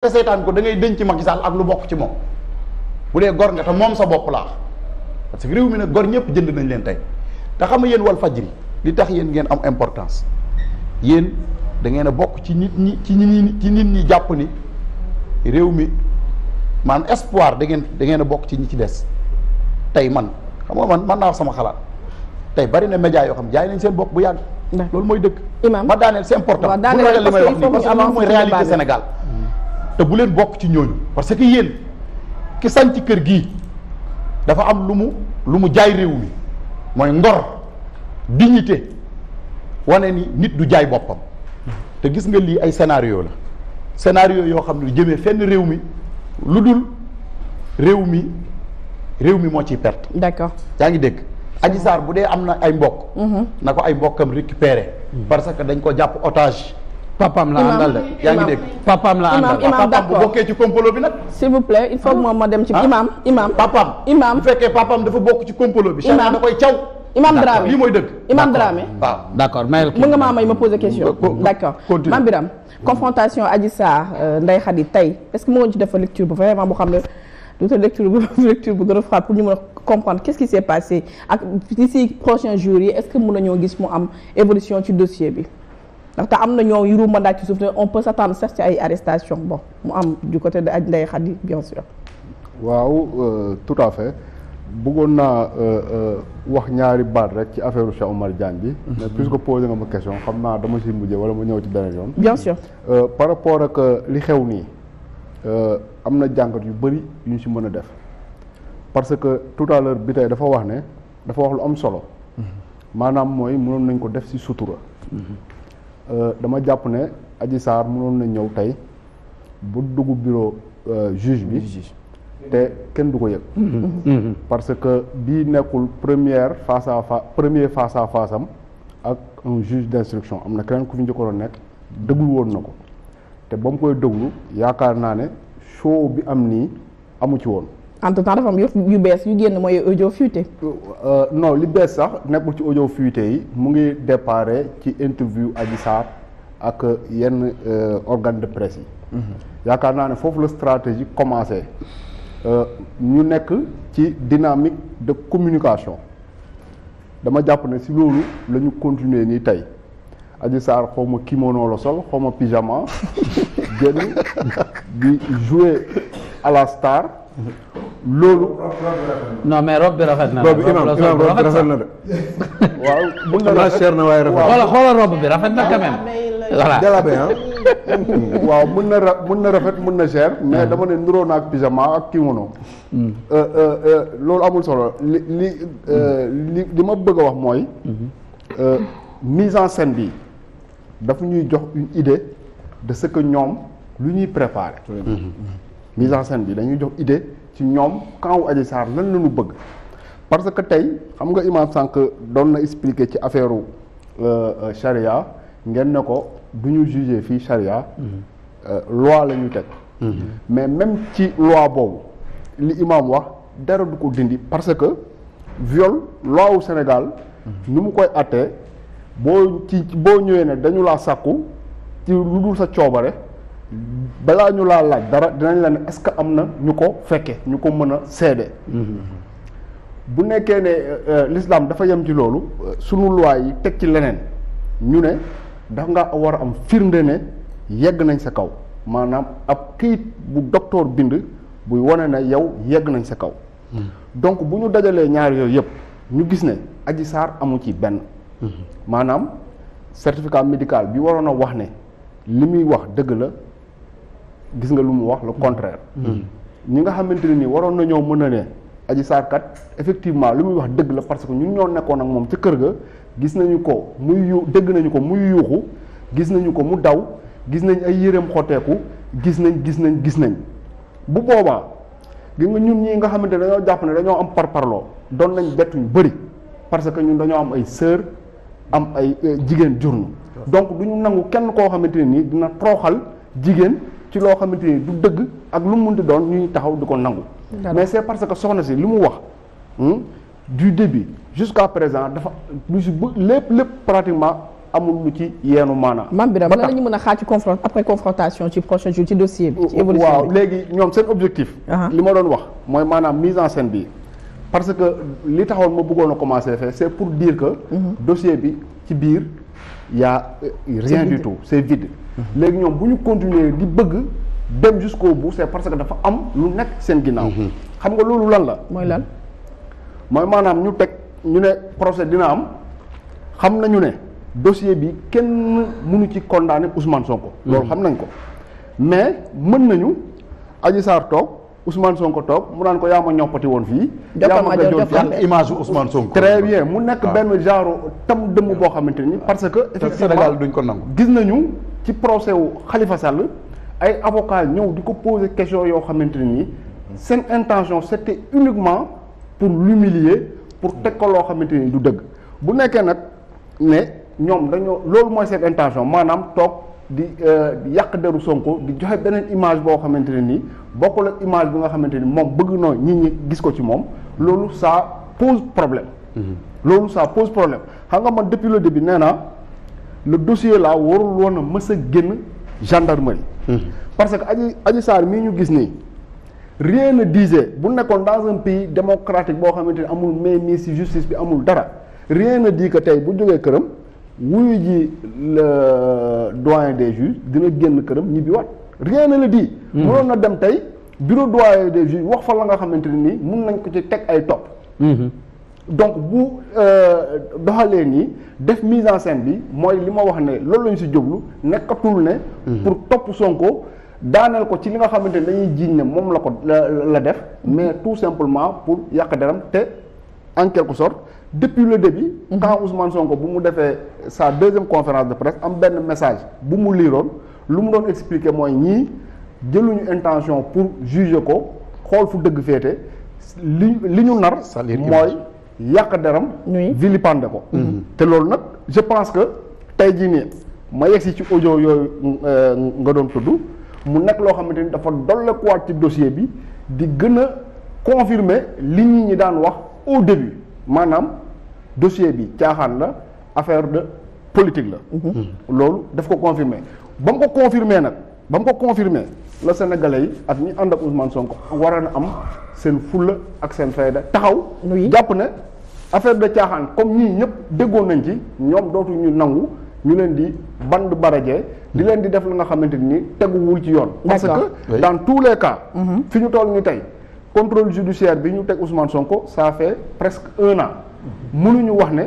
te seetaan ko dangay ngay denc Macky Sall ak lu bokk ci moom bu dee gor nga te moom sa bopp laa parce que réew mi nag gor ñëpp jënd nañ leen tey te xam nga yéen wal fajri li tax yéen ngeen am importance yéen dangeen a bokk ci nit ñi ci nit ñi ci nit ñi jàpp ni réew mi maanaam espoir da ngeen da ngeen a bokk ci ñi ci des tey man xam nga man mën naa wax sama xalaat tey bari na média yoo xam jaay nañ seen bopp bu yàgg. loolu mooy dëgg. ma daaneel c'est important. waaw daaneel parce que il te buleen bokk ci ñooñu parce que yéen ki ci kër gi dafa am lu mu lu mu jaay réew mi mooy ndor diñute wane ni nit du jaay boppam te gis nga lii ay scénario la scénario yoo xam ne jëmee fenn réew mi lu dul réew mi réew mi moo ciy perte d'accord yaa ngi dégg Adji Sarr bu dee am na ay mbokk mm-hmm. na ko ay mbokkam récupéré mm-hmm. parce que dañ ko jàpp otage papaam la àndal de yaa ngi dégg papaam la àndal papaam bu bokkee ci complot bi nag s'il vous plaît il faut moom dem ci ah. imaam imaam papaam imaam bu fekkee papaam dafa bokk ci complot bi charia da koy caw imaam Dramé lii mooy dëgg imaam Dramé ah. waaw d'accord mën nga maa may ma poser question d'accord maam euh, est-ce que mënoon ci defal lecture bu vraiment boo xam ne duta lecture bu lecture bu gën a frappe pour ñu mën a comprendre qu'est-ce qui s'est ak d'ici prochain jours yi est-ce que mën gis mu am bi ndaxte am na ñoo yuru mandat ci suuf ne on peut s'attendre sax ci ay arrestation bon mu am du côté de Adji Ndeye Khady bien waaw euh, tout à fait bëggoon naa euh, euh, wax ñaari baat rek ci affaire Cheikh Omar Diagne bi mhm. mais puisque posé nga ma question xam naa dama si mujjee wala ma ñëw ci beneen yoon bien sûr euh, par rapport ak li xew nii am na jàngat yu bëri yu ñu si mën a def parce que tout à l'heure bi tey dafa wax ne dafa wax lu am solo mhm. maanaam mooy mënoon nañ ko def si sutura mhm. Euh, dama jàpp ne Adji Sarr mënoon na ñëw tey bu dugg bureau euh, juge bi te kenn du ko yëg mm-hmm. Mm-hmm. parce que bii nekkul première face à face premier face à face am ak un juge d'instruction am na keneen ku fi njëkkoon nekk déglu woon na ko te ba mu koy déglu yaakaar naa ne show bi am nii amu ci woon entre temps dafa am yëf yu bees yu génn mooy audio fuité. Euh, non li bees sax nekkul ci ojo fuité yi mu ngi déparé ci interview Adji Sarr ak yenn euh, organe de presse yi. Mhm. yaakaar naa ne foofu la stratégie commencé euh, ñu nekk ci dynamique de communication dama jàpp ne si loolu la ñu continuer nii tey Adji Sarr xaw ma kimono la sol xaw ma génn di jouer à la star. Mhm. loolu. non mais robe bi rafet na. boobu imaam imaam bi rafet na de. waaw mun na na waaye rafet bi rafet na quand même. Ah, voilà ah. waaw mun na ra na rafet mun na ger mais dama ne niroo na ak pyjama ak kimono. Hmm. Euh, euh, euh, loolu amul solo li li li ma bëgg a wax mooy. Hmm. mise en scène bi daf ñuy jox une idée de ce ñoom lu ñuy préparer. Hmm. mise en scène bi dañuy jox idée. ci ñoom kaw Adji Sarr lan la ñu bëgg parce que tey xam nga imam sànq doon na expliquer ci affaire euh, euh, charia ngeen ne ko du ñu juger fii charia euh, loi la teg mais même ci loi boobu li imam wax dara du ko dindi parce que viol loi wu Sénégal ñu mu koy attee boo ci boo ñëwee ne dañu laa sàkku ci lu dul sa coobare balaa ñu laa laaj dara dinañ leen ne est-ce que am na ñu ko fekke ñu ko mën a seede bu nekkee ne euh, euh, lislaam dafa yem ci loolu euh, sunu loi yi teg ci leneen ñu ne da nga war a am firnde ne yegg nañ sa kaw maanaam ab këyit bu docteur bind buy wane na yow yegg nañ sa kaw donc bu ñu dajalee ñaari yooyu yëpp ñu gis ne aji saar amu ci benn maanaam certificat médical bi waroon a wax ne li muy wax dëgg la gis nga lu mu wax le contraire. Mm. ñi nga xamante ne nii waroon nañoo mën a ne Adji Sarr effectivement lu muy wax dëgg la parce que ñun ñoo nekkoon ak moom ca kër ga gis nañu ko muy yu nañu ko muy yuuxu gis nañu ko mu daw gis nañ ay yéreem xoteeku gis nañ gis nañ gis nañ bu boobaa gi nga ñun ñii nga xamante ne dañoo jàpp ne dañoo am par parparloo doon nañ bett yu bëri parce que ñun dañoo am ay sœur am ay euh, jigéen jurnu donc duñu nangu kenn koo xamante ne nii dina tooxal jigéen ci loo xamante ni du dëgg ak lu mu munti doon ñuy taxaw di ko nangu. mais c'est parce que soxna si li mu wax hmm, du début jusqu'à présent dafa lu si lépp lépp pratiquement amul lu ci yeenu maanaam. maam bi na lan mën a xaar ci confront après confrontation ci prochain jour ci dossier bi. ci évolution waaw léegi ñoom seen objectif. Uh-huh. li ma doon wax mooy maanaam mise en scène bi. parce que li taxoon ma bëggoon a commencer fee c'est pour dire que. Mm-hmm. dossier bi ci biir. yaa euh, a rien du tout c'est vide léegi ñoom bu ñu continuer di bëgg dem jusqu'au bu c'est parce que dafa am lu nekk seen ginnaaw mhm. xam nga loolu lan la mooy lan mooy maanaam ñu teg ñu ne procès dina am xam nañu ne dossier bi kenn mënu ci condamner Ousmane ko loolu mhm. xam nañ ko mais mën nañu Adji Sarr toog Ousmane Sonko toog mu naan ko yaa ma ñoppati woon fii. yaa ma gëjoon fii image Ousmane Sonko. très bien mu nekk ah. benn genre tam dëmm boo xamante ni ah. parce que. effectivement Sénégal duñ ko nangu. gis nañu ci procès wu xalifa Sall ay avocat ñëw di ko poser question yoo xamante ni seen intention c'était uniquement pour l'humilier pour teg ko loo xamante ni du dëgg bu nekkee nag ne ñoom dañoo loolu mooy seen intention maanaam toog. di euh, di yàq deru Sonko di joxe beneen image boo xamante ne nii bokkul ak image bi nga xamante ni moom bëgg noo nit ñi gis ko ci moom loolu saa pose problème. Mm-hmm. loolu ça pose problème xam nga man depuis le début nee naa le dossier là warul woon a mës a génn gendarmerie. Mm-hmm. parce que Adji Adji Sarr mii ñu gis nii. rien ne disait bu nekkoon dans un pays démocratique boo xamante ni amul mainmise ci justice bi amul dara rien ne dit que tey bu jógee këram. wuyu ji le doyen des juges dina génn këram ñibbiwaat rien ne le di hmm. mënoon na dem tey bureau doyen des wax fa la nga xamante ne nii mun nañ ko ci teg ay topp. Hmm. donc bu euh, doxalee nii def mise en scène bi mooy li ma wax ne loolu la ñu si jublu nekkatul ne. Hmm. pour topp Sonko daaneel ko ci li nga xamante ne dañuy jiiñ ne moom la ko la def mais tout simplement pour yàq deram te en quelque depuis le début. Mhm. quand Ousmane Sonko bu mu defee sa deuxième conférence de presse am benn message bu mu liiroon lu mu doon expliquer mooy ñii jëluñu intention pour juger ko xool fu dëgg féete li li ñu nar. mooy yàq deram. ñuy vilipande ko. Mhm. te loolu nag je pense que tey jii nii ma yegg si ci audio yooyu euh, nga doon tudd mu nekk loo xamante ni dafa dollekuwaat ci dossier bi di gën a confirmer li ñi ñi daan wax au début maanaam. dossier bi caaxaan la affaire de politique la. Mhm. loolu daf ko confirmer ba mu ko confirmer nag ba mu ko confirmer la sénégalais yi ak ñi ànd ak Ousmane Sonko waroon a am seen fulla ak seen fayda taxaw. jàpp ne affaire de caaxaan comme ñii ñëpp déggoon nañ ci ñoom ñu nangu. ñu leen di band barajee di leen di def lu nga xamante ni teguwul ci yoon. parce que dans tous mhm. fi ñu toll nii tey contrôle judiciaire bi ñu teg Ousmane Sonko ça fait presque mënuñu wax ne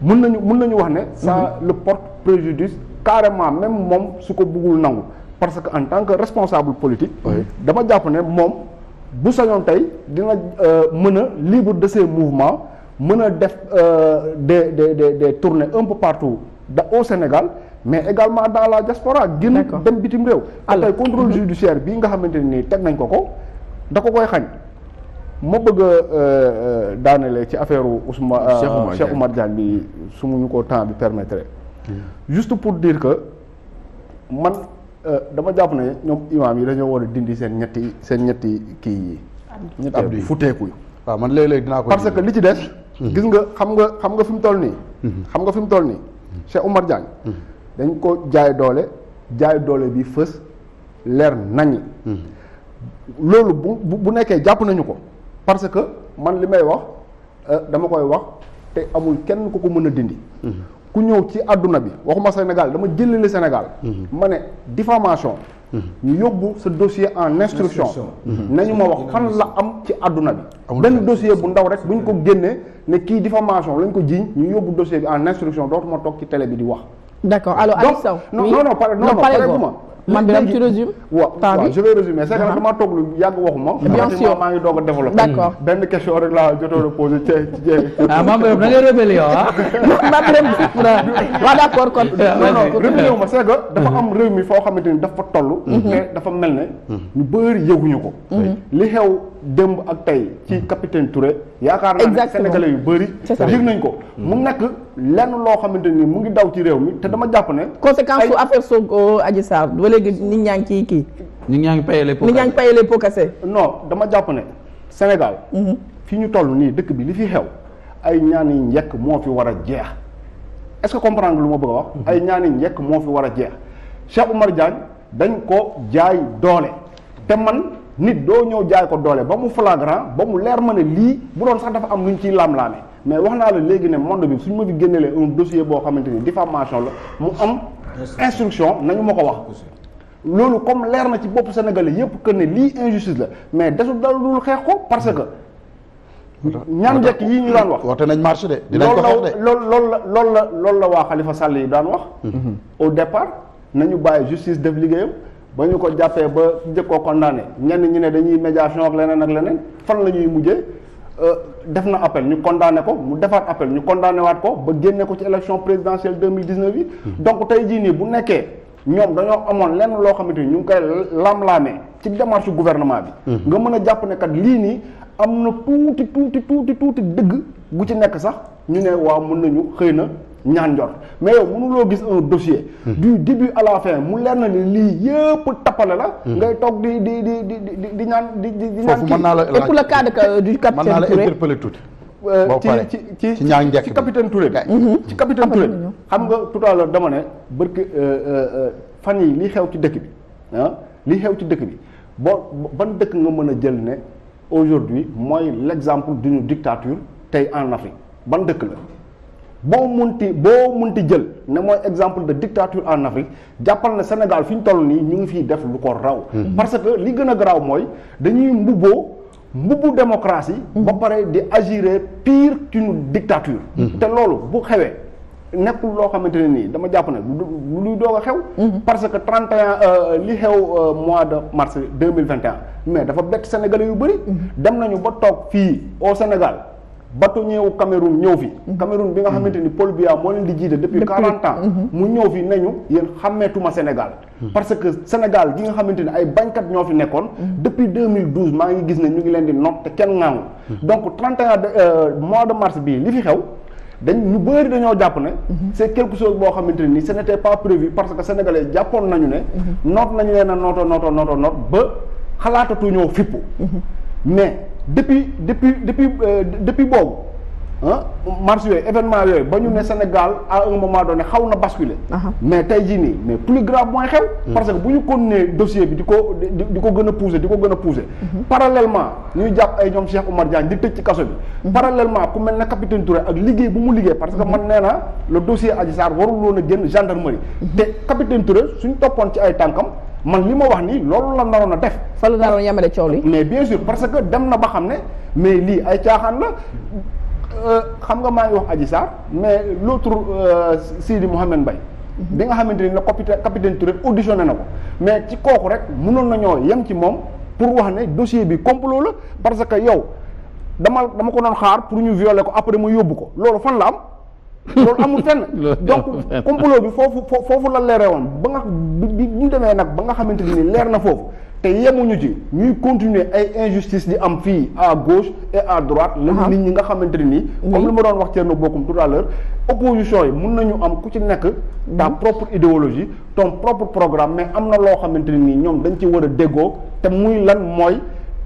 mën nañu mun nañu wax ne ça mmh. le porte préjudice carrément même moom su ko buggul nangu parce que en tant que responsable politique dama jàpp ne moom bu sañoon tey dina euh, mën a libre de ses mouvements mën a def euh, des de de des tournées un peu partout da au Sénégal mais également dans la diaspora génn dem bitim réew ak tey contrôle mmh. judiciaire bii nga xamante nii teg nañ ko ko da ko koy xañ ma bëgg a euh, euh, daanelee ci affaire Ousmane euh, Cheikh Oumar Diagne bi su muñu ko temps bi permettre hmm. juste pour dire que man dama jàpp ne ñoom imaam yi dañoo war a dindi seen ñetti seen ñetti kii yi ñetti futeeku waaw man léeg-léeg dinaa ko parce que li ci des hmm. gis nga xam nga xam nga mu toll nii xam fi mu toll nii hmm. Cheikh Oumar Diagne dañ ko jaay doole jaay doole bi fës leer nañ loolu bu bu nekkee jàpp nañu ko parce que man li may wax euh, dama koy wax te amul kenn ku ko mën a dindi. Mm-hmm. ku ñëw ci àdduna bi waxuma Sénégal dama jëlale Sénégal. Mm-hmm. ma ne diffamation. Mm-hmm. ñu yóbbu sa dossier en instruction. nañu ma wax fan la am ci adduna bi. benn dossier bu ndaw rek bu ñu ko génnee ne kii diffamation lañ ko jiiñ ñu yóbbu dossier bi en instruction dootuma toog ci télé bi di wax. d'accord alors Aliou Sow non pare non non man bi nag ci résume waaw je vais résumer c'est que uh-huh. dama toog lu yàgg waxuma bien sûr maa ngi doog a développé d'accord benn question rek laa jotoo a ci ci ah Mame Birame da ngay rébellé yow ah Mame Birame waaw d'accord kon non rébellé ma c'est dafa am réew foo xamante ni dafa toll mm-hmm. mais dafa mel ne ñu bëri yëguñu ko mm-hmm. li xew démb ak tey ci capitaine Touré yaakaar naa ne sénégalais yu bëri yëg nañ ko mu nekk lenn loo xamante ni mu ngi daw ci réew mi te dama jàpp ne. conséquence su affaire Sonko aji Sarr ba léegi nit ñaa ngi ciy kii. nit ñaa ngi paye les pots cassés nit ñaa non dama jàpp ne Sénégal. Mhm. fi ñu toll nii dëkk bi li fi xew ay ñaani njëkk moo fi war a jeex est-ce lu ma bëgg a wax. Mhm. ay ñaani njëkk moo fi war a jeex Cheikh Oumar Diagne dañ ko jaay doole te man. nit doo ñëw jaay ko doole ba mu flagrant ba mu leer ma ne lii bu doon sax dafa am lu ñu ciy laam-laame mais wax naa la léegi ne monde bi suñu ma fi génnelee un dossier boo xamante ni diffamation la mu am instruction nañu ma ko wax loolu comme leer na ci bopp sénégalais yëpp que ne lii injustice la mais desul dal dul xeex ko parce que ñan njëkk yi ñu daan wax woote nañ marché de dinañ ko xeex de loolu loolu la lool la lool la waa Khalifa Sall yi daan wax mm-hmm. au départ nañu bàyyi justice def liggéeyam ba ñu ko jàppee ba jëkkoo condamné ñenn ñi ne dañuy médiation leneen ak leneen fan la ñuy mujjee Euh, def na appel ñu condamné ko mu defaat appel ñu condamné waat ko ba génne ko ci élection présidentielle deux mille dix neuf yi. donc tey jii nii bu nekkee ñoom dañoo amoon lenn loo xamante ni ñu ngi koy lamlaamee ci démarche gouvernement bi. Mm-hmm. nga mën a jàpp ne kat lii nii am na tuuti tuuti tuuti tuuti dëgg gu ci nekk sax ñu ne waaw mën nañu xëy na. ñaan njort mais yow mënuloo gis un dossier. Hmm. du début à la fin mu leer na ni lii yëpp tappale la. Hmm. ngay toog di di di di di di ñaan di di di ñaan kii. mën naa la et pour le cas de euh, du capitaine Touré mën naa la interpeller tuuti. Euh, boo paree ci ci ci ñaan njëkk hmm. ci capitaine Touré. ci capitaine Touré xam nga tout à l'heure dama ne barki euh, fan yi li xew ci dëkk bi ah li xew ci dëkk bi boo ban dëkk nga mën a jël ne aujourd'hui mooy l'exemple d'une dictature tey en Afrique ban dëkk la. boo munti boo munti jël ne mooy exemple de dictature en Afrique jàppal na Sénégal fi ñu toll nii ñu ngi fiy def lu ko raw. Hmm. parce que li gën a garaaw mooy dañuy mbubboo mbubbu démocratie. Hmm. ba pare di agir pire qu'une dictature. Hmm. te loolu bu xewee nekkul loo xamante ne nii dama jàpp ne lu luy doog a xew. parce que 31 euh, li xew euh, mois de mars 2021 mais dafa bett sénégalais yu bëri. dem nañu ba toog fii au Sénégal. bâtonnier wu Cameroun ñëw fi mhm. Cameroun bi nga xamante ni Paul Biya moo leen di jiite depuis quarante ans mhm. mu ñëw fi nañu yéen xàmmeetuma Sénégal mhm. parce que Sénégal gi nga xamante ni ay bañkat ñoo fi nekkoon depuis 2012 maa ngi gis ne ñu ngi leen di nopp te kenn ŋaawu donc 31 de euh, mois de mars bii li fi xew dañ ñu bëri dañoo jàpp ne c'est quelque chose boo xamante ni ce n'était pas prévu parce que sénégalais jàppoon nañu ne noot nañu leen a nootoo nootoo nootoo noot ba xalaatatu ñoo depuis depuis depuis euh, depuis boobu ah mars yooyu événement yooyu ba ñu ne Sénégal à un moment donné xaw na basculer. mais tey jii nii mais plus grave mooy xew. Hmm. parce que bu ñu kon continuer dossier bi di ko di ko gën a pousser di ko gën a pousser. Mhm. parallèlement ñuy jàpp ay ñoom Cheikh Oumar Diagne di tëj ci kaso bi. Mhm. parallèlement ku mel ne capitaine Touré ak liggéey bu mu liggéey parce que mhm. man nee na le dossier Adji Sarr warul woon a génn gendarmerie. te capitaine Touré suñ toppoon ci ay tànkam. man li ma wax nii loolu la naroon a def. fa la naroon yemale coow li. mais bien sûr parce que dem na ba xam ne mais lii ay caaxaan la. Euh, xam nga maa ngi wax Adji Sarr mais l'autre euh, Sidi Mouhamed Mbaye mhm. bi nga xamante ni la capitaine capitaine Touré auditionné na ko mais ci kooku rek mënoon nañoo yem ci moom pour wax ne dossier bi complo la parce que yow dama dama ko doon xaar pour ñu violer ko après mu yóbbu ko loolu fan la am. loolu amul fenn donc complot bi foofu foofu la leeree woon ba nga bi ñu demee nag ba nga xamante ni leer na foofu te yemuñu ci ñuy continuer ay injustice di am fii à gauche et à droite la nit ñi nga xamante nii comme li ma doon wax Thierno Bocoum tout à l'heure opposition yi mun nañu am ku ci nekk ta propre idéologie ton propre programme mais am na loo xamante nii ñoom dañ ci war a déggoo te muy lan mooy